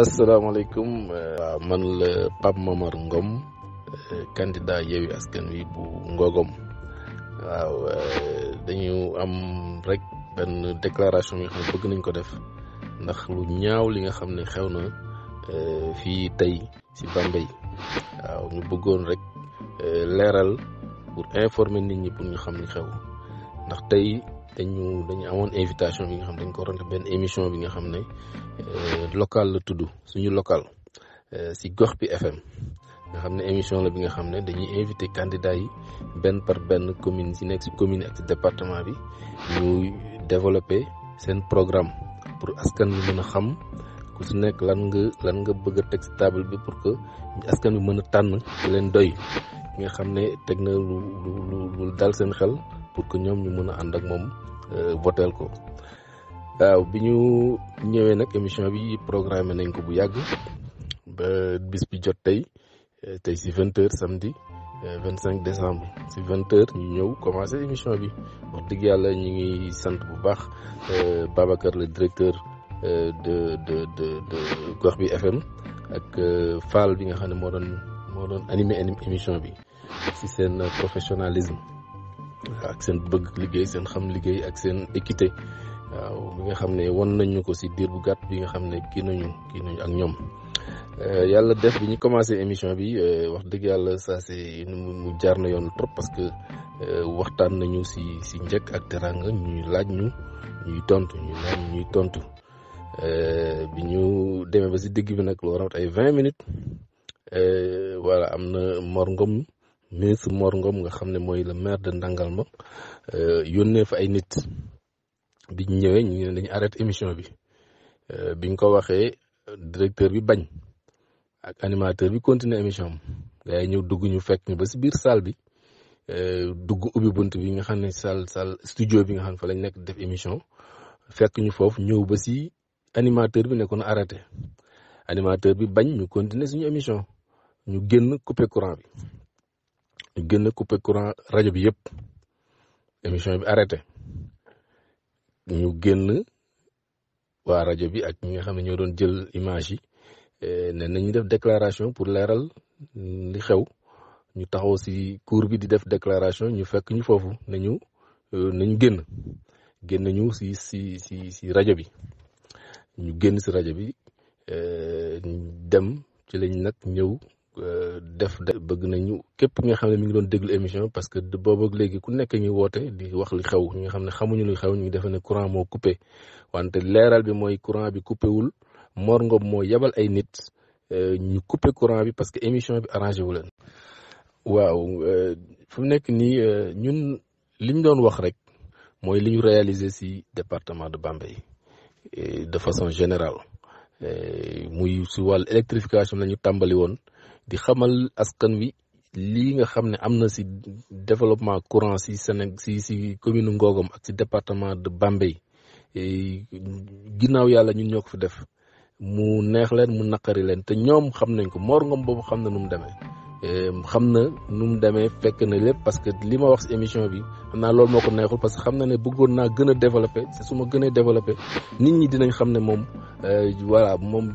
asalaamaaleykum waaw man la Pape Momar Ngom candidat Yewwi Askan Wi bu Ngogom waaw euh, dañu am rek benn déclaration bëgg nañ ko def ndax lu ñaaw li nga xam ne xew na euh, fii tey ci Bambey waaw ñu bëggoon rek euh, leeral pour informer nit ñi pour ñu xam ni xew ndax tey ñu dañu amoon invitation bi nga xam dañ ko waroon def benn émission bi nga xam ne euh, local la tudd suñu local euh, si gox bi FM nga xam ne émission la bi nga xam ne dañuy invité candidat yi benn par benn commune si nekk si commune ak si département bi ñu développer seen programme pour askan bi mën a xam ku si nekk lan nga lan nga bëgg a teg si table bi pour que askan bi mën a leen doy nga xam ne teg na lu lu dal seen xel pour que ñoom ñu mën a ànd ak moom euh, votel ko waaw bi ñu ñëwee nag émission bi programmé nañ ko bu yàgg ba bis bi jot tey euh, tey si vingt heures samedi 25 euh, décembre si 20 heures ñu ñëw commencé émission bi wax dëgg yàlla ñu ngi sant bu baax Babacar le directeur de de de de gox bi FM ak Fall bi nga xam ne moo doon moo doon animé émission bi si seen professionnalisme ak seen bëgg liggéey seen xam liggéey ak seen équité waaw bi nga xam ne won nañu ko si diir bu gàtt bi nga xam ne kii nañu kii nañu ak ñoom. Euh, yàlla def bi ñu commencé émission bi euh, wax dëgg yàlla saa si jaar na yoon trop parce que euh, waxtaan nañu si si njëkk ak teraanga ñuy laaj ñu ñuy tontu ñuy laaj ñuy tontu bi ñu demee ba si digg bi nag lu waral ay vingt minutes wala am na Mor ministre Mor Ngom nga xam ne mooy le maire de Ndangalma euh, yónnee fa ay nit biñ ñëwee ñu ne dañu arrêté émission bi euh, bi biñ ko waxee directeur bi bañ ak animateur bi continuer émission ñëw dugg ñu fekk ñu ba si biir salle bi euh, dugg ubbi bunt bi nga xam ne salle salle studio bi nga xam ne fa lañ nekk def émission fekk ñu foofu ñëw ba si animateur bi nekkoon arrêté animateur bi bañ ñu continuer suñu émission ñu génn couper courant bi. ñu génn coupé courant rajo bi yëpp émission bi arrêté ñu génn waa rajo bi ak nga xam ne ñoo doon jël image yi eh, ne nañu def déclaration pour leeral li xew ñu taxaw si cour bi di def déclaration ñu fekk ñu foofu nañu euh, nañu génn génn ñu si si si si rajo bi ñu génn si rajo bi eh, dem ci lañ nag ñëw Euh, def bëgg nañu képp nga xam ne mu ngi doon déglu émission parce que boobu ak léegi ku nekk ñu woote di wax li xew ñi nga xam ne xamuñu lu xew ñu ngi defe ne courant moo coupé wante leeral bi mooy courant bi coupé wul Mor Ngom moo yebal ay nit euh, ñu coupé courant bi parce que émission bi arrangé wu leen. waaw euh, fu mu nekk nii ñun li ñu doon wax rek mooy li ñu réalisé si département de Bambey de façon générale muy si wàllu électrification la ñu tàmbali woon. di xamal askan wi lii nga xam ne am na si développement courant si seneg si si commune Ngogom ak si département de Bambey e, ginnaaw yàlla ñun ñoo ko fi def mu neex leen mu naqari leen te ñoom xam nañ ko Mor Ngom boobu xam na nu mu demee. xam na nu mu demee fekk na lépp parce que li ma wax si émission bi xam naa loolu moo ko neexul parce que xam na ne bëggoon naa gën a développé su ma gën a nit ñi dinañ xam ne moom euh, voilà moom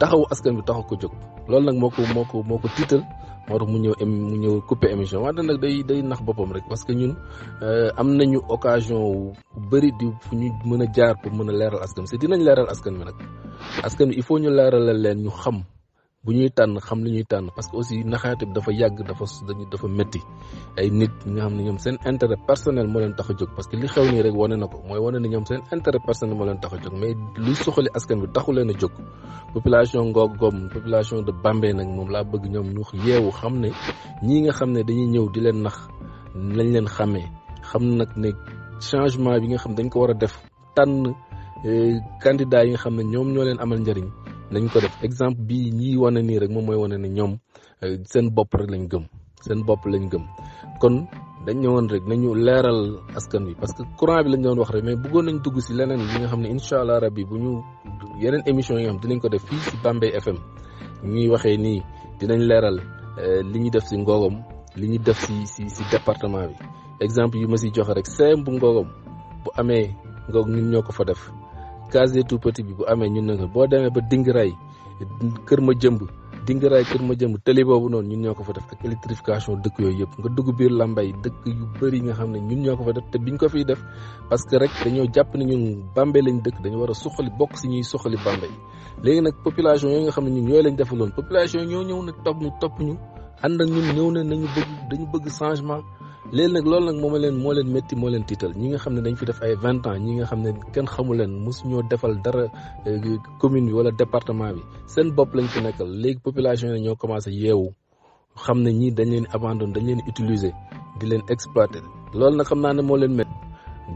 taxawu askan bi taxaw ko jóg loolu nag moo ko moo ko moo ko tiital moo tax mu ñëw mu ñëw coupé émission wante nag day day nax boppam rek parce que ñun euh, am nañu occasion wu bëri di fu ñu mën a jaar pour mën a leeral askan bi si dinañ leeral askan bi nag askan bi il faut ñu leeralal leen ñu xam bu ñuy tànn xam li ñuy tànn parce que aussi naxaate bi dafa yàgg dafa dañu dafa métti ay nit ñu nga xam ne ñoom seen intérêt personnel moo leen tax a jóg parce que li xew nii rek wane na ko mooy wane ni ñoom seen intérêt personnel moo leen tax a jóg mais lu soxali askan bi taxu leen a jóg population Ngogom population de bambee nag moom laa bëgg ñoom ñu yeewu xam ne ñii nga xam ne dañuy ñëw di leen nax lañ leen xàmmee xam nag ne changement bi nga xam dañ ko war a def tànn eh, candidat yi nga xam ne ñoom ñoo leen amal njëriñ nañ ko def exemple bii ñii wane nii rek moom mooy wane na ñoom euh, seen bopp rek lañ gëm seen bopp lañ gëm kon dañ ñëwoon rek nañu leeral askan wi parce que courant bi lañ doon wax rek mais bëggoon nañ dugg si leneen li nga xam ne incha allah bi bu ñu yeneen émission yi nga dinañ ko def fii si Bambey FM ñuy waxee nii dinañ leeral euh, li ñu def si ngoogom li ñu def si si si bi exemple yu ma si joxe rek seem bu ngoogom bu amee ngoog ñun ñoo ko fa def case des tout petits bi bu amee ñun nag boo demee ba Dingiraay kër ma jëmb Dingiraay kër ma jëmb tëli boobu noonu ñun ñoo ko fa def ak électrification dëkk yooyu yëpp nga dugg biir Lambaye dëkk yu bëri nga xam ne ñun ñoo ko fa def te biñ ko fiy def parce que rek dañoo jàpp ne ñun Bambey lañ dëkk dañu war a suqali bokk si ñuy suqali Bambey léegi nag population yooyu nga xam ne ñun ñooy lañ defaloon population yi ñoo ñëw nag topp ñu topp ñu ànd ak ñun ñëw ne nañu bëgg dañu bëgg changement léegi nag loolu nag moom leen moo leen métti moo leen tiital ñi nga xam ne dañ fi def ay vingt ans ñi nga xam ne kenn xamu leen mosu ñoo defal dara euh, commune bi wala département bi seen bopp lañ fi nekkal léegi population yi ñoo commencé yeewu xam ne ñii dañ leen abandonné dañu leen utiliser di leen exploité loolu nag xam naa ne moo leen métti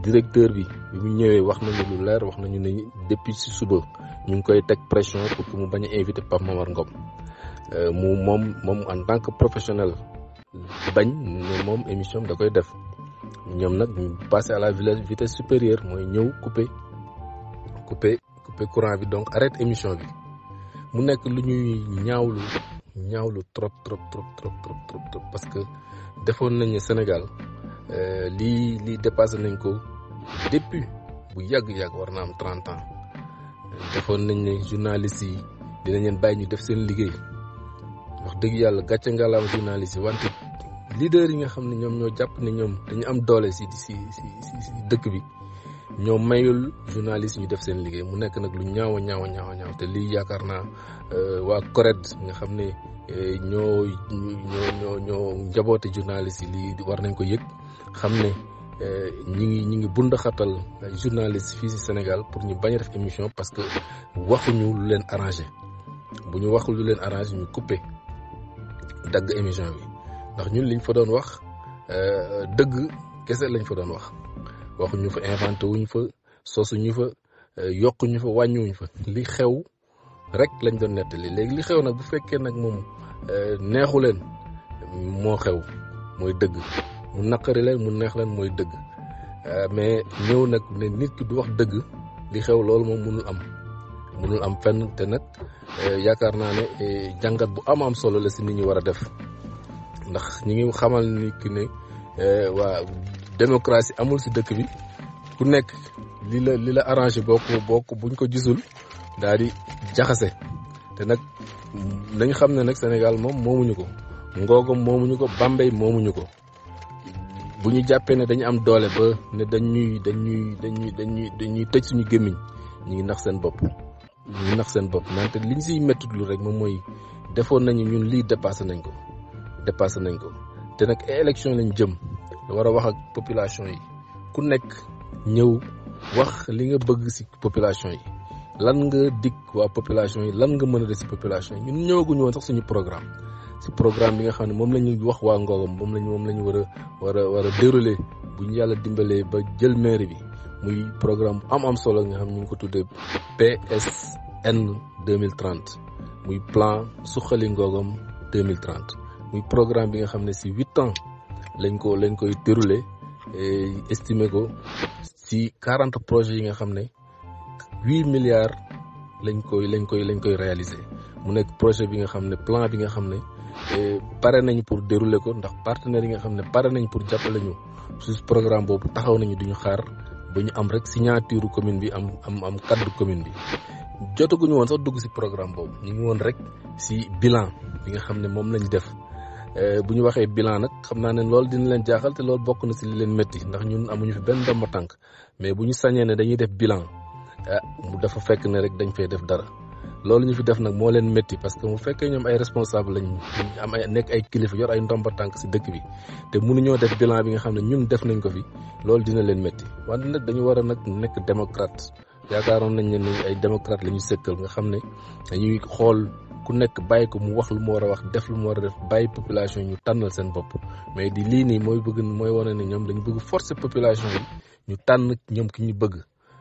directeur bi bi ñëwee wax nañu lu leer wax nañu ne depuis si suba ñu ngi koy teg pression pour mu bañ a invité Pape Momar Ngom euh, mu moom moom en tant que professionnel bañ ne moom émission da koy def ñoom nag ñu passé à la vitesse supérieure mooy ñëw couper couper couper courant bi donc arrête émission bi mu nekk lu ñuy ñaawlu ñaawlu trop trop trop trop trop trop parce que defoon nañu Sénégal euh, lii lii dépassé nañ ko depuis bu yàgg-yàgg war na am 30 ans defoon nañ ne journalistes yi dinañ leen bàyyi ñu def seen liggéey wax dëgg yàlla gàcce ngalaam journalistes yi wante leader yi nga xam ne ñoom ñoo jàpp ne ñoom dañu am doole si si si dëkk bi ñoo mayul journaliste ñu def seen liggéey mu nekk nag lu ñaaw a ñaaw a ñaaw a ñaaw te lii yaakaar naa euh, waa CORED nga xam ne euh, ñoo ñoo ñoo ñoo njaboote journaliste yi lii war nañ ko yëg xam ne euh, ñi ngi ñi ngi bundaxatal ay journaliste fii si Sénégal pour ñu bañ a def émission parce que waxuñu lu leen arrangé bu ñu waxul lu leen arrangé ñu coupé dagg émission bi ndax ñun liñ fa doon wax euh, dëgg kese lañ fa doon wax waxuñu fa inventé wuñu fa sosuñu fa euh, yokkuñu fa wàññiwuñu fa li xew rek lañ doon nettali léegi li xew nag bu fekkee nag moom euh, neexu leen moo xew mooy dëgg mu naqari leen mu neex leen mooy dëgg mais ñëw nag ne nit ki du wax dëgg li xew loolu moom mënul am mënul am fenn te nag yaakaar naa ne jàngat bu am am solo la si nit ñu war a def ndax ñi ngi xamal ni ki ne eh, waa démocratie amul si dëkk bi ku nekk li la li la arrangé bokk ko boo ko buñ ko gisul daal di jaxase te nag nañ xam ne nag Sénégal moom moomu ñu ko ngoogam moomuñu ko Bambey moomuñu ko bu ñu jàppee ne dañu am doole ba ne dañuy dañuy dañuy dañuy dañuy tëj suñu gémmiñ ñu ngi nax seen bopp ñu nax seen bopp nante liñ si méttitlu rek moom mooy defoon nañu ñun lii dépassé nañ ko dépassé nañ ko te nag élection lañ jëm war a wax ak population yi ku nekk ñëw wax li nga bëgg ci population yi lan nga dig waa population yi lan nga mën a def ci population yi ñun ñëwaguñu woon sax suñu programme ci programme bi nga xam ne moom la ñu wax waa Ngogom moom lañ moom la ñu war a war a war a dérouler bu ñu yàlla dimbalee ba jël mairie bi muy programme am am solo nga xam ñu ngi ko tuddee PSN 2030 muy plan suqali Ngogom 2030 muy programme bi nga xam ne si huit ans lañ ko lañ koy déroulé estimé ko si quarante projets yi nga xam ne huit milliards lañ koy lañ koy lañ koy réaliser mu nekk projet bi nga xam ne plan bi nga xam ne pare nañ pour dérouler ko ndax partenaires yi nga xam ne pare nañ pour jàppale ñu su programme boobu taxaw nañu duñu xaar ba ñu am rek signature commune bi am am am kaddu commune bi jotaguñu woon sax dugg si programme boobu ñu ngi woon rek si bilan bi nga xam ne moom lañ def Euh, bu ñu waxee bilan nag xam naa ne loolu dina leen jaaxal te loolu bokk na si li leen métti ndax ñun amuñu fi benn ndomba tànk mais bu ñu sañee ne dañuy def bilan ah mu dafa fekk ne rek dañ fay def dara loolu ñu fi def nag moo leen métti parce que mu fekkee ñoom ay responsable am ay nekk ay kilifa yor ay ndomba tànk si dëkk bi te mënuñoo def bilan bi nga xam ne ñun def nañ ko fi loolu dina leen métti wante nag dañu war a nag nekk démocrate yaakaaroon nañ ne ay démocrate la ñu sëkkal nga xam ne dañuy xool ku nekk bàyyi ko mu wax lu mu war a wax def lu mu war a def bàyyi population ñu tànnal seen bopp mais di lii nii mooy bëgg mooy wane ne ñoom dañu bëgg forcer population yi ñu tànn ñoom ki ñu bëgg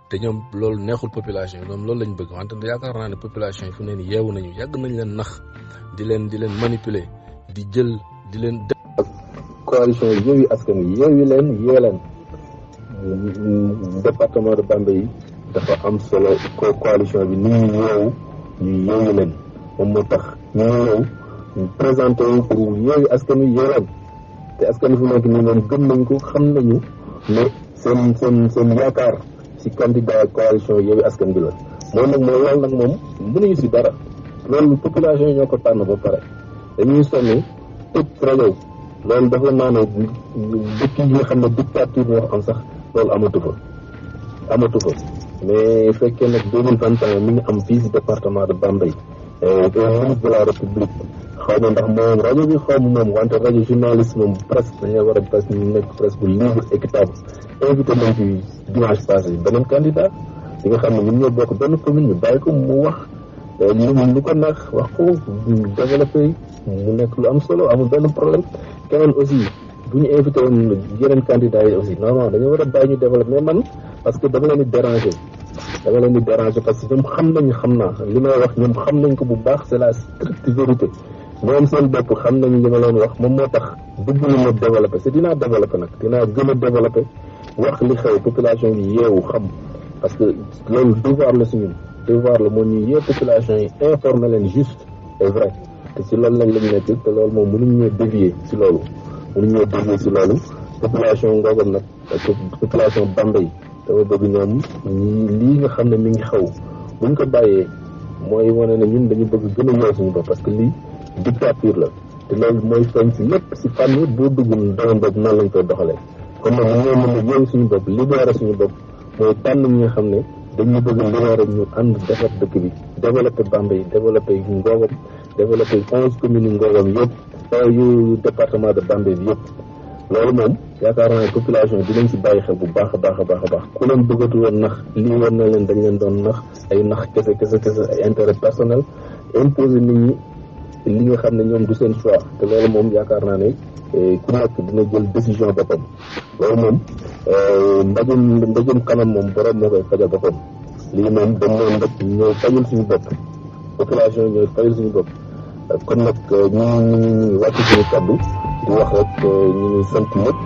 te ñoom loolu neexul population yi ñoom loolu lañ bëgg wante yaakaar naa ne population yi fu ne nii yeewu nañu yàgg nañ leen nax di leen di leen manipuler di jël di leen def coalition Yewwi Askan Wi yeewu leen yee leen département de Bambey yi dafa am solo bi yeewu ñu yeewu leen moom moo tax ñu ñëw présenté wu pour yooyu askan wi yoroon te askan wi fi mu nekk nii moom gëm nañ ko xam nañu ne seen seen seen yaakaar ci candidat coalition yooyu askan bi la. moom nag mooy loolu nag moom mënuñu si dara loolu population yi ko tànn ba pare dañuy sonn tëj rajo loolu dafa naa ne dëkk yi nga xam ne dictature moo am sax loolu amatu fa amatu fa mais fekkee nag deux mille vingt mi ngi am fii si département de Bambey. ministre de la république xaw ma ndax moom rajo bi xaw ma moom wante rajo journaliste moom presse dañoo war a presse nekk presse bu libre équitable invité nañ ci dimanche passé beneen candidat yi nga xam ne ñun ñoo bokk benn commune ñu bàyyi ko mu wax eh, li mu lu ko neex wax ko développé mu nekk lu am solo amul benn problème keneen aussi bu ñu invité woon yeneen candidats war a bàyyi parce que dama leen di déranger dama leen di déranger parce que ñoom xam nañ xam naa li may wax ñoom xam nañ ko bu baax c' est la stricte vérité ñoom seen bopp xam nañ li ma leen wax moom moo tax bëgg na ma développé c' est dinaa développé nag dinaa gën a développé wax li xew population bi yeewu xam parce que loolu devoir la si ñun devoir la moo ñuy yee population yi informer leen juste et vrai te si loolu lañ lañ nekk te loolu moom mënuñ ñoo dévier si loolu mënuñ ñoo dévier si loolu population ngoogam nag population bambay dama bëgg ñoom lii nga xam ne mi ngi xaw buñ ko bàyyee mooy wane ne ñun dañu bëgg gën a yow suñu bopp parce que lii dictature la te loolu mooy feeñ si lépp si fànn boo duggum domaine boobu noonu lañ koy doxalee kon nag ñoo mën a yow suñu bopp libéré suñu bopp mooy tànn ñi nga xam ne dañu bëgg libéré ñu ànd defar dëkk bi développé Bambey développé Ngogom développé onze communes yi Ngogom yëpp euh, yu département de Bambey bi yëpp loolu moom yaakaar naa ne population bi lañ bàyyi xel bu baax a baax a baax a baax ku leen bëggatu woon nax lii woon na leen dañ leen doon nax ay nax kese kese kese ay intérêt personnel imposé nit ñi li nga xam ne ñoom du seen choix te loolu moom yaakaar naa ne eh, ku nekk dina jël décision boppam loolu moom eh, mbajum mbajum kanam moom borom moo koy fajal boppam lii moom dañ noon rek ñooy fajul suñu bopp population ñooy fajul suñu bopp kon nag eh, ñu ñu ñu wàcc suñu kaddu di wax rek euh, ñu ngi sant ñëpp